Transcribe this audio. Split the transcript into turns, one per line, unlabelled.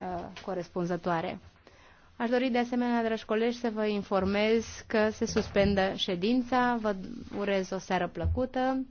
Uh, corespunzătoare. Aș dori de asemenea, dragi colegi, să vă informez că se suspendă ședința. Vă urez o seară plăcută.